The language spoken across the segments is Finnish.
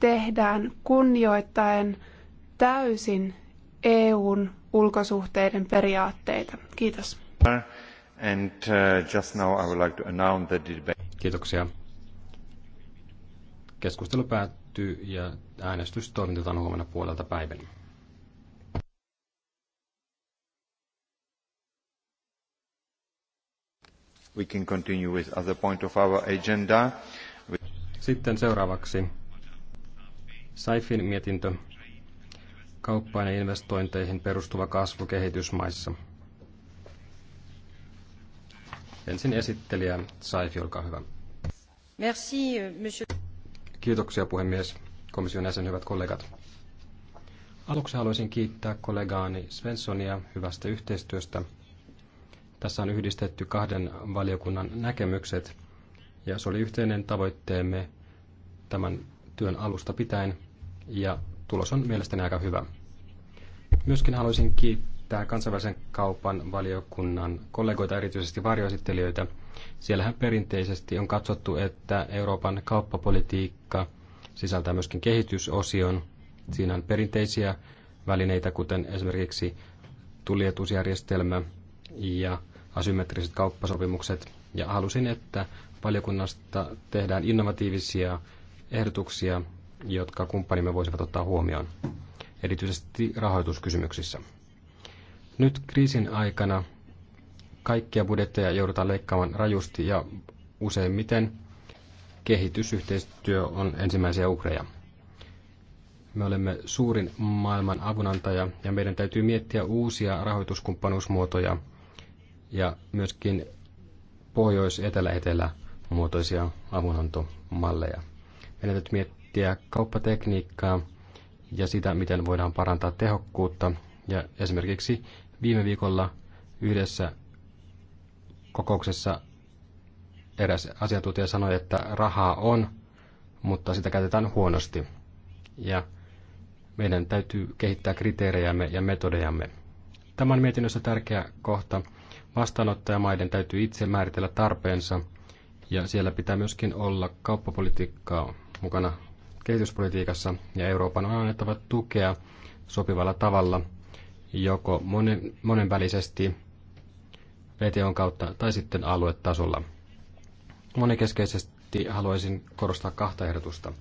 tehdään kunnioittaen täysin EUn ulkosuhteiden periaatteita. Kiitos. And, uh, like Kiitoksia. Keskustelu päättyy ja äänestys toimitetaan huomenna puolelta päivän. We can continue with other point of our agenda. Sitten seuraavaksi Saifin mietintö kauppaan ja investointeihin perustuva kasvu kehitysmaissa. Ensin esittelijä Saifi, olkaa hyvä. Merci, monsieur. Kiitoksia puhemies, komission jäsen, hyvät kollegat. Aluksi haluaisin kiittää kollegaani Svenssonia hyvästä yhteistyöstä. Tässä on yhdistetty kahden valiokunnan näkemykset, ja se oli yhteinen tavoitteemme tämän työn alusta pitäen – ja tulos on mielestäni aika hyvä. Myöskin haluaisin kiittää kansainvälisen kaupan valiokunnan kollegoita, erityisesti varjoesittelijöitä. Siellähän perinteisesti on katsottu, että Euroopan kauppapolitiikka sisältää myöskin kehitysosion. Siinä on perinteisiä välineitä, kuten esimerkiksi tulietusjärjestelmä ja asymmetriset kauppasopimukset. Ja halusin, että valiokunnasta tehdään innovatiivisia ehdotuksia jotka kumppanimme voisivat ottaa huomioon, erityisesti rahoituskysymyksissä. Nyt kriisin aikana kaikkia budjetteja joudutaan leikkaamaan rajusti ja useimmiten kehitysyhteistyö on ensimmäisiä uhreja. Me olemme suurin maailman avunantaja ja meidän täytyy miettiä uusia rahoituskumppanuusmuotoja ja myöskin pohjois-etelä-etelä muotoisia avunantomalleja. Meidän täytyy miettiä miettiä kauppatekniikkaa ja sitä, miten voidaan parantaa tehokkuutta. Ja esimerkiksi viime viikolla yhdessä kokouksessa eräs asiantuntija sanoi, että rahaa on, mutta sitä käytetään huonosti. Ja meidän täytyy kehittää kriteerejämme ja metodejamme. Tämä on mietinnössä tärkeä kohta. Vastaanottajamaiden täytyy itse määritellä tarpeensa, ja siellä pitää myöskin olla kauppapolitiikkaa mukana kehityspolitiikassa ja Euroopan on annettava tukea sopivalla tavalla joko monen, monenvälisesti VTOn kautta tai sitten aluetasolla. Monikeskeisesti haluaisin korostaa kahta ehdotusta.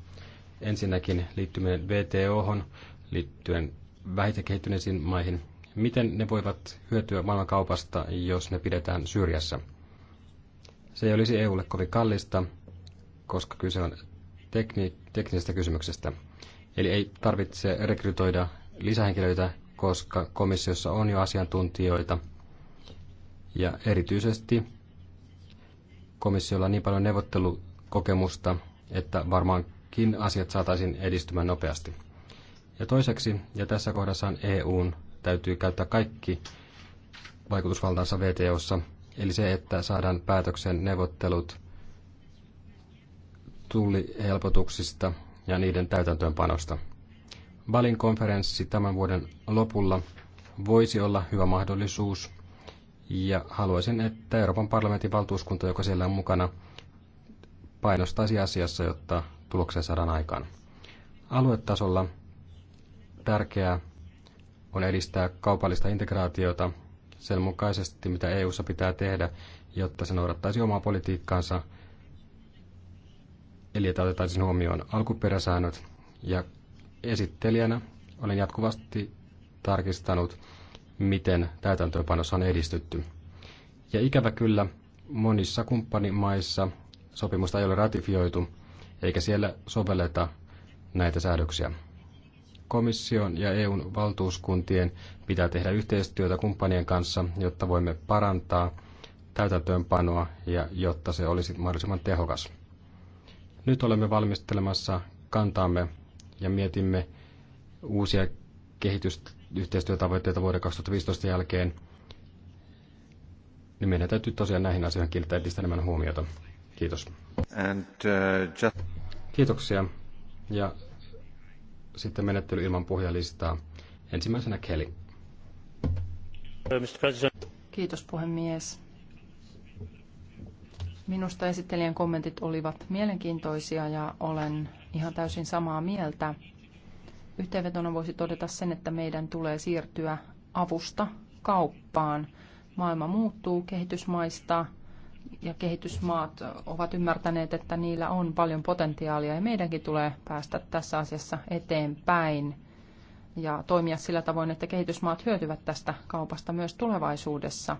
Ensinnäkin liittyminen VTOhon liittyen vähiten kehittyneisiin maihin. Miten ne voivat hyötyä maailmankaupasta, jos ne pidetään syrjässä? Se ei olisi EUlle kovin kallista, koska kyse on tekni, teknisestä kysymyksestä. Eli ei tarvitse rekrytoida lisähenkilöitä, koska komissiossa on jo asiantuntijoita. Ja erityisesti komissiolla on niin paljon neuvottelukokemusta, että varmaankin asiat saataisiin edistymään nopeasti. Ja toiseksi, ja tässä kohdassa on EUn täytyy käyttää kaikki vaikutusvaltaansa VTOssa, eli se, että saadaan päätöksen neuvottelut tullihelpotuksista ja niiden täytäntöönpanosta. Balin konferenssi tämän vuoden lopulla voisi olla hyvä mahdollisuus ja haluaisin, että Euroopan parlamentin valtuuskunta, joka siellä on mukana, painostaisi asiassa, jotta tuloksia saadaan aikaan. Aluetasolla tärkeää on edistää kaupallista integraatiota sen mukaisesti, mitä EU-ssa pitää tehdä, jotta se noudattaisi omaa politiikkaansa – eli että otettaisiin huomioon alkuperäsäännöt. Ja esittelijänä olen jatkuvasti tarkistanut, miten täytäntöönpanossa on edistytty. Ja ikävä kyllä, monissa kumppanimaissa sopimusta ei ole ratifioitu, eikä siellä sovelleta näitä säädöksiä. Komission ja EUn valtuuskuntien pitää tehdä yhteistyötä kumppanien kanssa, jotta voimme parantaa täytäntöönpanoa ja jotta se olisi mahdollisimman tehokas. Nyt olemme valmistelemassa kantaamme ja mietimme uusia kehitysyhteistyötavoitteita vuoden 2015 jälkeen. Niin meidän täytyy tosiaan näihin asioihin kiinnittää entistä enemmän huomiota. Kiitos. And, uh, just... Kiitoksia. Ja sitten menettely ilman puhujalistaa. Ensimmäisenä Kelly. Kiitos puhemies. Minusta esittelijän kommentit olivat mielenkiintoisia ja olen ihan täysin samaa mieltä. Yhteenvetona voisi todeta sen, että meidän tulee siirtyä avusta kauppaan. Maailma muuttuu kehitysmaista ja kehitysmaat ovat ymmärtäneet, että niillä on paljon potentiaalia ja meidänkin tulee päästä tässä asiassa eteenpäin ja toimia sillä tavoin, että kehitysmaat hyötyvät tästä kaupasta myös tulevaisuudessa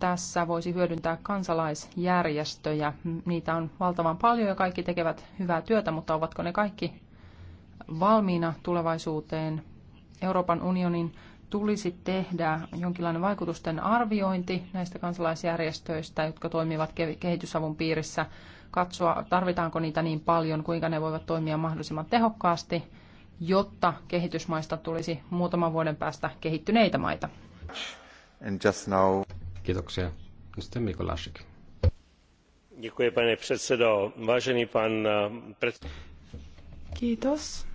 tässä voisi hyödyntää kansalaisjärjestöjä. Niitä on valtavan paljon ja kaikki tekevät hyvää työtä, mutta ovatko ne kaikki valmiina tulevaisuuteen? Euroopan unionin tulisi tehdä jonkinlainen vaikutusten arviointi näistä kansalaisjärjestöistä, jotka toimivat kehitysavun piirissä, katsoa tarvitaanko niitä niin paljon, kuinka ne voivat toimia mahdollisimman tehokkaasti, jotta kehitysmaista tulisi muutaman vuoden päästä kehittyneitä maita. And just now... Kiitoksia. Sitten Mikko e, Kiitos.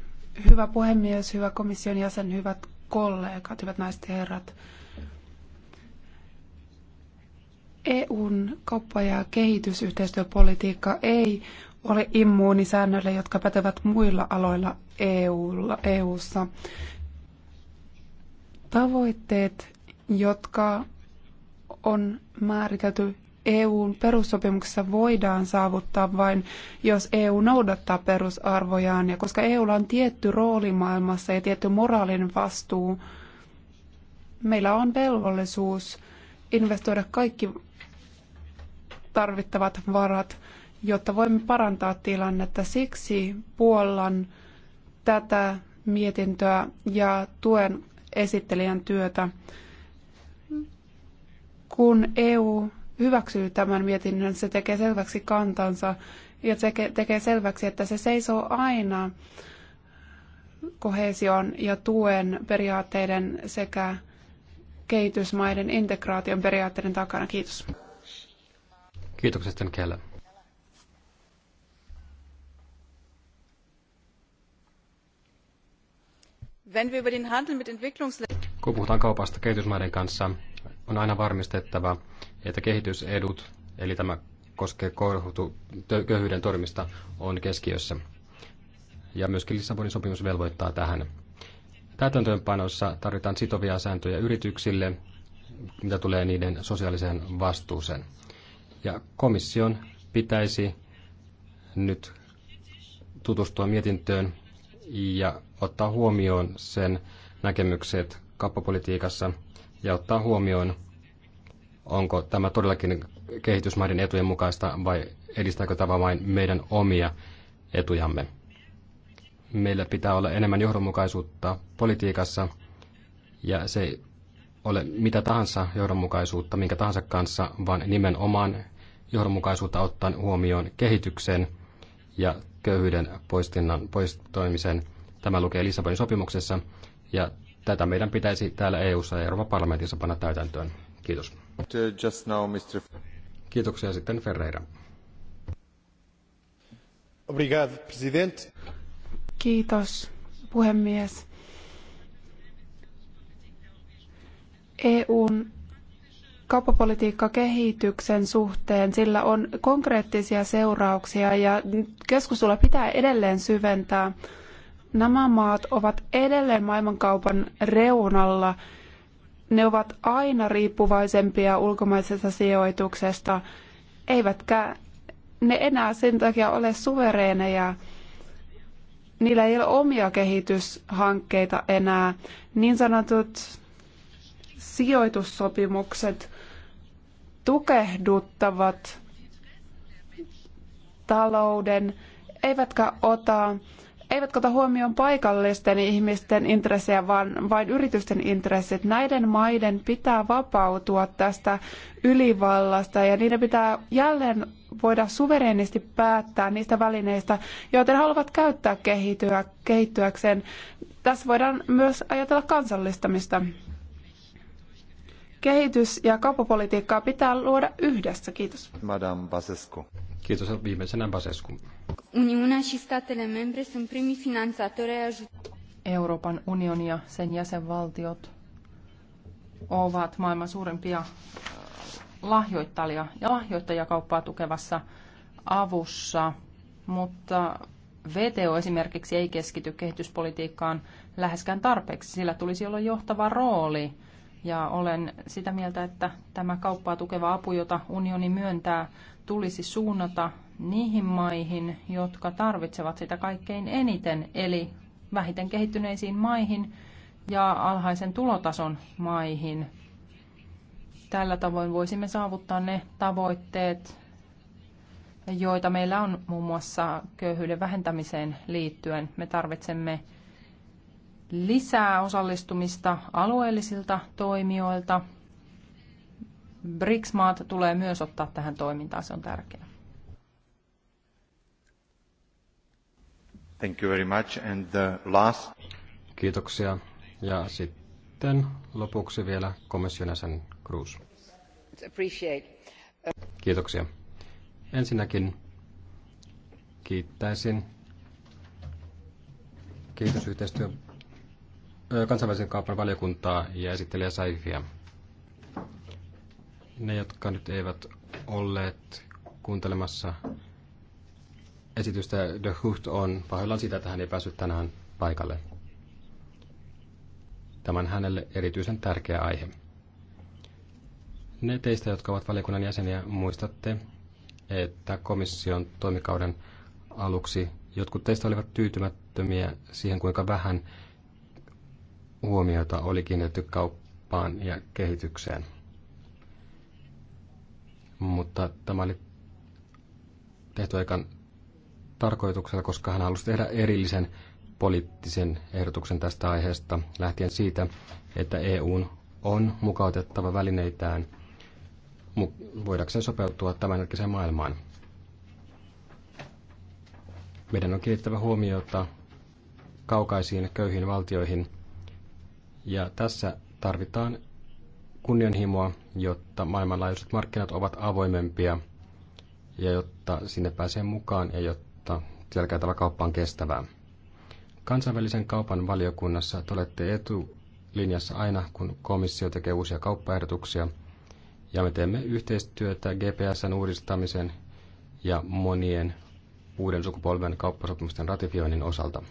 Hyvä puhemies, hyvä komission jäsen, hyvät kollegat, hyvät naiset ja herrat. EUn kauppa- ja kehitysyhteistyöpolitiikka ei ole immuunisäännöille, jotka pätevät muilla aloilla EUlla, EUssa. Tavoitteet, jotka on määritelty EUn perussopimuksessa voidaan saavuttaa vain, jos EU noudattaa perusarvojaan. Ja koska EUlla on tietty rooli maailmassa ja tietty moraalinen vastuu, meillä on velvollisuus investoida kaikki tarvittavat varat, jotta voimme parantaa tilannetta. Siksi puollan tätä mietintöä ja tuen esittelijän työtä kun EU hyväksyy tämän mietinnön, se tekee selväksi kantansa ja tekee selväksi, että se seisoo aina kohesion ja tuen periaatteiden sekä kehitysmaiden integraation periaatteiden takana. Kiitos. Kiitokset Kelle. Wenn wir über den Handel mit Entwicklungsländern kun puhutaan kaupasta kehitysmaiden kanssa, on aina varmistettava, että kehitysedut, eli tämä koskee korhutu, köyhyyden torjumista, on keskiössä. Ja myöskin Lissabonin sopimus velvoittaa tähän. Täytäntöönpanossa tarvitaan sitovia sääntöjä yrityksille, mitä tulee niiden sosiaaliseen vastuuseen. Ja komission pitäisi nyt tutustua mietintöön ja ottaa huomioon sen näkemykset kauppapolitiikassa ja ottaa huomioon, onko tämä todellakin kehitysmaiden etujen mukaista vai edistääkö tämä vain meidän omia etujamme. Meillä pitää olla enemmän johdonmukaisuutta politiikassa ja se ei ole mitä tahansa johdonmukaisuutta minkä tahansa kanssa, vaan nimenomaan johdonmukaisuutta ottaen huomioon kehityksen ja köyhyyden poistinnan poistoimisen. Tämä lukee Lissabonin sopimuksessa ja tätä meidän pitäisi täällä EU-ssa ja Euroopan parlamentissa panna täytäntöön. Kiitos. Just now, Mr. Kiitoksia sitten Ferreira. Obrigado, president. Kiitos, puhemies. EUn kauppapolitiikka kehityksen suhteen, sillä on konkreettisia seurauksia ja keskustelua pitää edelleen syventää. Nämä maat ovat edelleen maailmankaupan reunalla. Ne ovat aina riippuvaisempia ulkomaisesta sijoituksesta, eivätkä ne enää sen takia ole suvereeneja. Niillä ei ole omia kehityshankkeita enää. Niin sanotut sijoitussopimukset tukehduttavat talouden, eivätkä ota eivät ota huomioon paikallisten ihmisten intressejä, vaan vain yritysten intressit. Näiden maiden pitää vapautua tästä ylivallasta ja niiden pitää jälleen voida suvereenisti päättää niistä välineistä, joita ne haluavat käyttää kehittyäkseen. Tässä voidaan myös ajatella kansallistamista. Kehitys- ja kauppapolitiikkaa pitää luoda yhdessä. Kiitos. Madame Basescu. Kiitos. Viimeisenä Basescu. Uniunea și statele membre sunt primii finanțatori Euroopan unioni ja sen jäsenvaltiot ovat maailman suurimpia äh, lahjoittajia ja lahjoittajakauppaa tukevassa avussa, mutta VTO esimerkiksi ei keskity kehityspolitiikkaan läheskään tarpeeksi. Sillä tulisi olla johtava rooli ja olen sitä mieltä, että tämä kauppaa tukeva apu, jota unioni myöntää, tulisi suunnata niihin maihin, jotka tarvitsevat sitä kaikkein eniten, eli vähiten kehittyneisiin maihin ja alhaisen tulotason maihin. Tällä tavoin voisimme saavuttaa ne tavoitteet, joita meillä on muun muassa köyhyyden vähentämiseen liittyen. Me tarvitsemme lisää osallistumista alueellisilta toimijoilta. BRICS-maat tulee myös ottaa tähän toimintaan, se on tärkeää. Thank you very much. And the last... Kiitoksia. Ja sitten lopuksi vielä komission jäsen Cruz. Kiitoksia. Ensinnäkin kiittäisin yhteistyö kansainvälisen kaupan valiokuntaa ja esittelijä Saifia. Ne, jotka nyt eivät olleet kuuntelemassa esitystä The Hucht on pahoillaan sitä, että hän ei päässyt tänään paikalle. Tämä on hänelle erityisen tärkeä aihe. Ne teistä, jotka ovat valiokunnan jäseniä, muistatte, että komission toimikauden aluksi jotkut teistä olivat tyytymättömiä siihen, kuinka vähän huomiota oli kiinnitetty kauppaan ja kehitykseen. Mutta tämä oli tehty aikaan tarkoituksella, koska hän halusi tehdä erillisen poliittisen ehdotuksen tästä aiheesta lähtien siitä, että EUn on mukautettava välineitään voidakseen sopeutua tämänhetkiseen maailmaan. Meidän on kiinnittävä huomiota kaukaisiin köyhiin valtioihin – ja tässä tarvitaan kunnianhimoa, jotta maailmanlaajuiset markkinat ovat avoimempia ja jotta sinne pääsee mukaan ja jotta siellä käytävä kauppa on kestävää. Kansainvälisen kaupan valiokunnassa te olette etulinjassa aina, kun komissio tekee uusia kauppaehdotuksia. Ja me teemme yhteistyötä GPSn uudistamisen ja monien uuden sukupolven kauppasopimusten ratifioinnin osalta.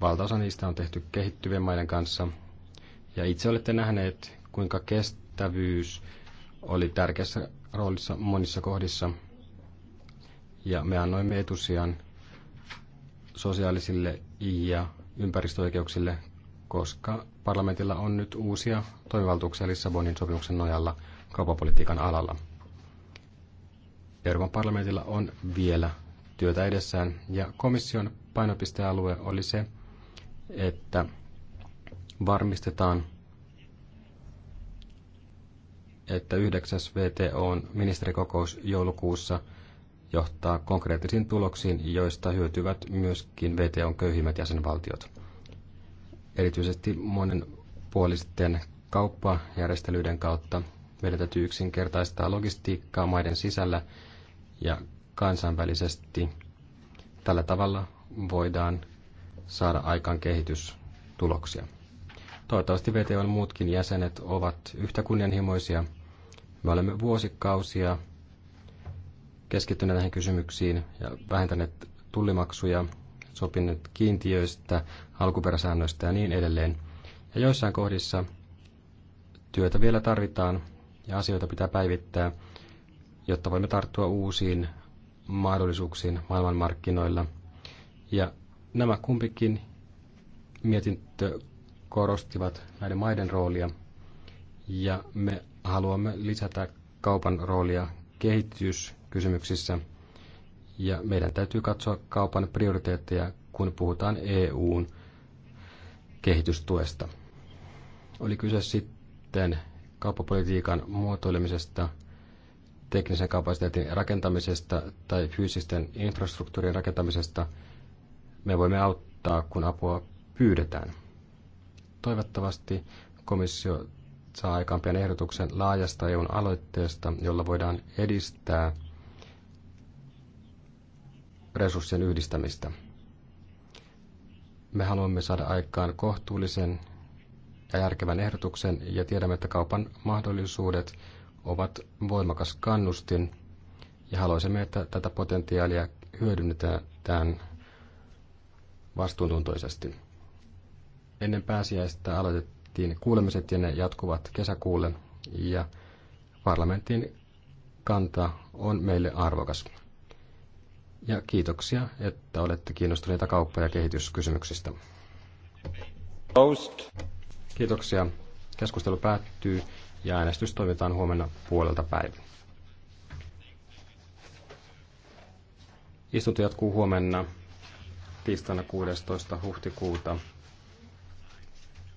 Valtaosa niistä on tehty kehittyvien maiden kanssa – ja itse olette nähneet, kuinka kestävyys oli tärkeässä roolissa monissa kohdissa. Ja me annoimme etusijan sosiaalisille ja ympäristöoikeuksille, koska parlamentilla on nyt uusia toimivaltuuksia Lissabonin sopimuksen nojalla kaupapolitiikan alalla. Euroopan parlamentilla on vielä työtä edessään ja komission painopistealue oli se, että varmistetaan, että 9. VTOn ministerikokous joulukuussa johtaa konkreettisiin tuloksiin, joista hyötyvät myöskin VTOn köyhimmät jäsenvaltiot. Erityisesti monenpuolisten kauppajärjestelyiden kautta meidän täytyy yksinkertaistaa logistiikkaa maiden sisällä ja kansainvälisesti. Tällä tavalla voidaan saada aikaan kehitystuloksia. Toivottavasti VTOn muutkin jäsenet ovat yhtä kunnianhimoisia. Me olemme vuosikausia keskittyneet näihin kysymyksiin ja vähentäneet tullimaksuja, sopineet kiintiöistä, alkuperäsäännöistä ja niin edelleen. Ja joissain kohdissa työtä vielä tarvitaan ja asioita pitää päivittää, jotta voimme tarttua uusiin mahdollisuuksiin maailmanmarkkinoilla. Ja nämä kumpikin mietintö korostivat näiden maiden roolia ja me haluamme lisätä kaupan roolia kehityskysymyksissä ja meidän täytyy katsoa kaupan prioriteetteja, kun puhutaan EUn kehitystuesta. Oli kyse sitten kauppapolitiikan muotoilemisesta, teknisen kapasiteetin rakentamisesta tai fyysisten infrastruktuurien rakentamisesta, me voimme auttaa, kun apua pyydetään. Toivottavasti komissio saa aikaan pian ehdotuksen laajasta EUn aloitteesta, jolla voidaan edistää resurssien yhdistämistä. Me haluamme saada aikaan kohtuullisen ja järkevän ehdotuksen ja tiedämme, että kaupan mahdollisuudet ovat voimakas kannustin ja haluaisimme, että tätä potentiaalia hyödynnetään vastuuntuntoisesti. Ennen pääsiäistä aloitettiin kuulemiset ja ne jatkuvat kesäkuulle ja parlamentin kanta on meille arvokas. Ja kiitoksia, että olette kiinnostuneita kauppa- ja kehityskysymyksistä. Post. Kiitoksia. Keskustelu päättyy ja äänestys toimitaan huomenna puolelta päivä. Istunto jatkuu huomenna tiistaina 16. huhtikuuta